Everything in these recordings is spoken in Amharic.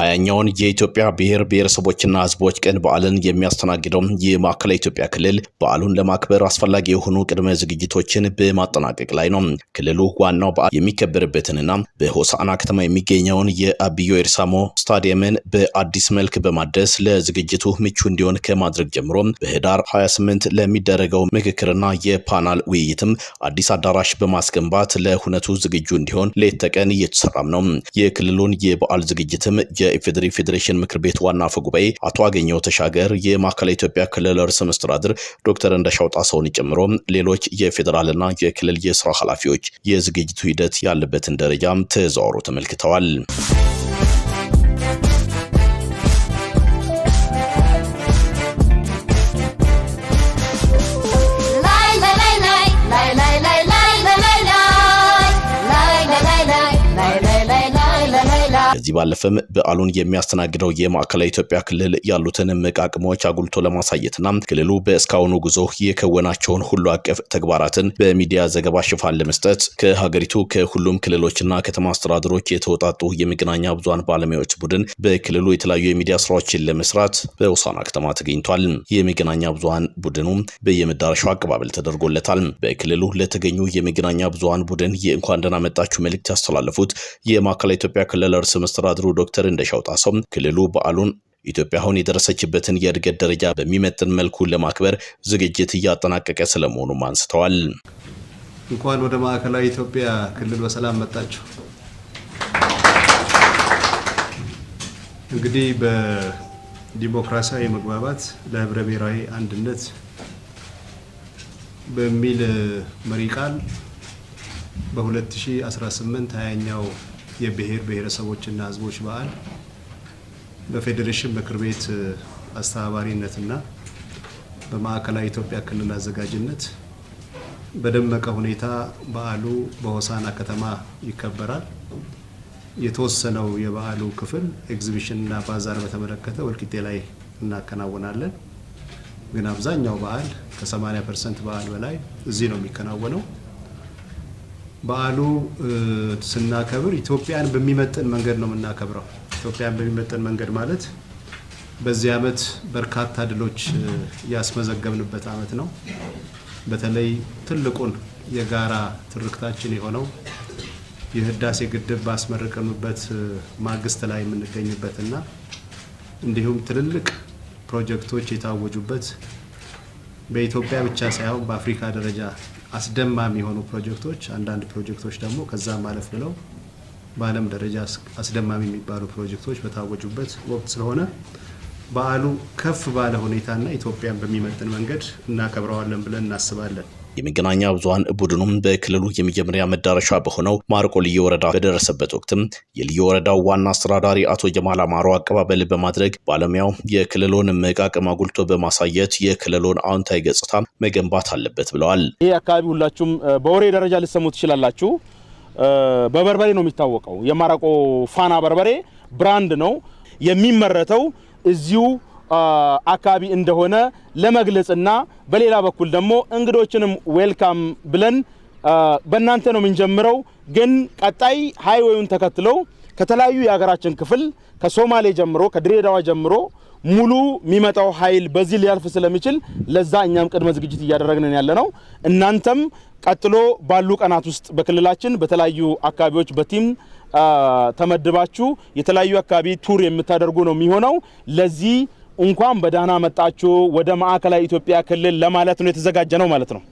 ሀያኛውን የኢትዮጵያ ብሔር ብሔረሰቦችና ህዝቦች ቀን በዓልን የሚያስተናግደው የማዕከላዊ ኢትዮጵያ ክልል በዓሉን ለማክበር አስፈላጊ የሆኑ ቅድመ ዝግጅቶችን በማጠናቀቅ ላይ ነው። ክልሉ ዋናው በዓል የሚከበርበትንና በሆሳዕና ከተማ የሚገኘውን የአብዮ ኤርሳሞ ስታዲየምን በአዲስ መልክ በማደስ ለዝግጅቱ ምቹ እንዲሆን ከማድረግ ጀምሮ በህዳር 28 ለሚደረገው ምክክርና የፓናል ውይይትም አዲስ አዳራሽ በማስገንባት ለሁነቱ ዝግጁ እንዲሆን ሌት ተቀን እየተሰራም ነው። የክልሉን የበዓል ዝግጅትም የኢፌዴሪ ፌዴሬሽን ምክር ቤት ዋና አፈ ጉባኤ አቶ አገኘው ተሻገር፣ የማዕከላዊ ኢትዮጵያ ክልል ርዕሰ መስተዳድር ዶክተር እንደሻው ጣሰውን ጨምሮ ሌሎች የፌዴራልና የክልል የስራ ኃላፊዎች የዝግጅቱ ሂደት ያለበትን ደረጃም ተዘዋውሮ ተመልክተዋል። ከዚህ ባለፈም በዓሉን የሚያስተናግደው የማዕከላዊ ኢትዮጵያ ክልል ያሉትን እምቅ አቅሞች አጉልቶ ለማሳየትና ክልሉ በእስካሁኑ ጉዞ የከወናቸውን ሁሉ አቀፍ ተግባራትን በሚዲያ ዘገባ ሽፋን ለመስጠት ከሀገሪቱ ከሁሉም ክልሎችና ከተማ አስተዳደሮች የተወጣጡ የመገናኛ ብዙሃን ባለሙያዎች ቡድን በክልሉ የተለያዩ የሚዲያ ስራዎችን ለመስራት በውሳና ከተማ ተገኝቷል። የመገናኛ ብዙሃን ቡድኑ በየመዳረሻው አቀባበል ተደርጎለታል። በክልሉ ለተገኙ የመገናኛ ብዙሃን ቡድን የእንኳን ደህና መጣችሁ መልእክት ያስተላለፉት የማዕከላዊ ኢትዮጵያ ክልል ርዕሰ አስተዳድሩ ዶክተር እንደሻው ጣሰው ክልሉ በዓሉን ኢትዮጵያ አሁን የደረሰችበትን የእድገት ደረጃ በሚመጥን መልኩ ለማክበር ዝግጅት እያጠናቀቀ ስለመሆኑም አንስተዋል። እንኳን ወደ ማዕከላዊ ኢትዮጵያ ክልል በሰላም መጣችሁ። እንግዲህ በዲሞክራሲያዊ መግባባት ለህብረ ብሔራዊ አንድነት በሚል መሪ ቃል በ2018 20 የብሔር ብሔረሰቦችና ህዝቦች በዓል በፌዴሬሽን ምክር ቤት አስተባባሪነትና በማዕከላዊ ኢትዮጵያ ክልል አዘጋጅነት በደመቀ ሁኔታ በዓሉ በሆሳና ከተማ ይከበራል። የተወሰነው የበዓሉ ክፍል ኤግዚቢሽንና ባዛር በተመለከተ ወልቂጤ ላይ እናከናውናለን። ግን አብዛኛው በዓል ከ80 ፐርሰንት በዓል በላይ እዚህ ነው የሚከናወነው። በዓሉ ስናከብር ኢትዮጵያን በሚመጥን መንገድ ነው የምናከብረው። ኢትዮጵያን በሚመጥን መንገድ ማለት በዚህ ዓመት በርካታ ድሎች ያስመዘገብንበት ዓመት ነው። በተለይ ትልቁን የጋራ ትርክታችን የሆነው የህዳሴ ግድብ ባስመረቅንበት ማግስት ላይ የምንገኝበትና እንዲሁም ትልልቅ ፕሮጀክቶች የታወጁበት በኢትዮጵያ ብቻ ሳይሆን በአፍሪካ ደረጃ አስደማሚ የሆኑ ፕሮጀክቶች፣ አንዳንድ ፕሮጀክቶች ደግሞ ከዛም ማለፍ ብለው በዓለም ደረጃ አስደማሚ የሚባሉ ፕሮጀክቶች በታወጁበት ወቅት ስለሆነ በዓሉ ከፍ ባለ ሁኔታና ኢትዮጵያን በሚመጥን መንገድ እናከብረዋለን ብለን እናስባለን። የመገናኛ ብዙሀን ቡድኑም በክልሉ የመጀመሪያ መዳረሻ በሆነው ማረቆ ልዩ ወረዳ በደረሰበት ወቅትም የልዩ ወረዳው ዋና አስተዳዳሪ አቶ ጀማል አማሮ አቀባበል በማድረግ ባለሙያው የክልሉን እምቅ አጉልቶ በማሳየት የክልሉን አዎንታዊ ገጽታ መገንባት አለበት ብለዋል። ይህ አካባቢ ሁላችሁም በወሬ ደረጃ ልሰሙ ትችላላችሁ። በበርበሬ ነው የሚታወቀው። የማረቆ ፋና በርበሬ ብራንድ ነው የሚመረተው እዚሁ አካባቢ እንደሆነ ለመግለጽና በሌላ በኩል ደግሞ እንግዶችንም ዌልካም ብለን በእናንተ ነው የምንጀምረው። ግን ቀጣይ ሃይዌውን ተከትለው ከተለያዩ የሀገራችን ክፍል ከሶማሌ ጀምሮ ከድሬዳዋ ጀምሮ ሙሉ የሚመጣው ኃይል በዚህ ሊያልፍ ስለሚችል ለዛ እኛም ቅድመ ዝግጅት እያደረግንን ያለ ነው። እናንተም ቀጥሎ ባሉ ቀናት ውስጥ በክልላችን በተለያዩ አካባቢዎች በቲም ተመድባችሁ የተለያዩ አካባቢ ቱር የምታደርጉ ነው የሚሆነው ለዚህ እንኳን በዳና መጣችሁ ወደ ማዕከላዊ ኢትዮጵያ ክልል ለማለት ነው የተዘጋጀ ነው ማለት ነው።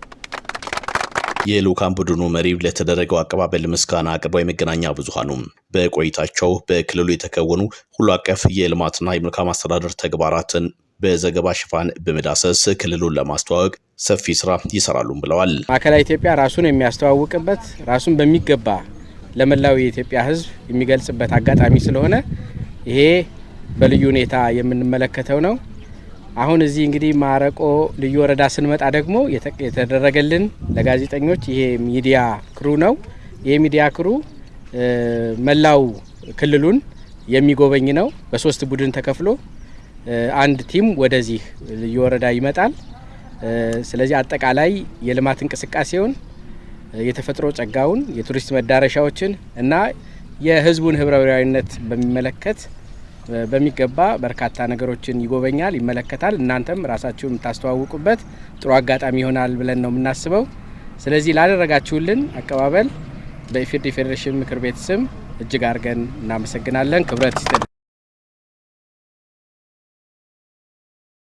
የልዑካን ቡድኑ መሪ ለተደረገው አቀባበል ምስጋና አቅርበው የመገናኛ ብዙሃኑ በቆይታቸው በክልሉ የተከወኑ ሁሉ አቀፍ የልማትና የመልካም አስተዳደር ተግባራትን በዘገባ ሽፋን በመዳሰስ ክልሉን ለማስተዋወቅ ሰፊ ስራ ይሰራሉም ብለዋል። ማዕከላዊ ኢትዮጵያ ራሱን የሚያስተዋውቅበት ራሱን በሚገባ ለመላው የኢትዮጵያ ሕዝብ የሚገልጽበት አጋጣሚ ስለሆነ ይሄ በልዩ ሁኔታ የምንመለከተው ነው። አሁን እዚህ እንግዲህ ማረቆ ልዩ ወረዳ ስንመጣ ደግሞ የተደረገልን ለጋዜጠኞች ይሄ ሚዲያ ክሩ ነው። ይሄ ሚዲያ ክሩ መላው ክልሉን የሚጎበኝ ነው። በሶስት ቡድን ተከፍሎ አንድ ቲም ወደዚህ ልዩ ወረዳ ይመጣል። ስለዚህ አጠቃላይ የልማት እንቅስቃሴውን፣ የተፈጥሮ ጸጋውን፣ የቱሪስት መዳረሻዎችን እና የህዝቡን ህብረ በሚመለከት በሚገባ በርካታ ነገሮችን ይጎበኛል፣ ይመለከታል። እናንተም ራሳችሁ የምታስተዋውቁበት ጥሩ አጋጣሚ ይሆናል ብለን ነው የምናስበው። ስለዚህ ላደረጋችሁልን አቀባበል በኢፌዴሪ ፌዴሬሽን ምክር ቤት ስም እጅግ አድርገን እናመሰግናለን። ክብረት ይስጥልን።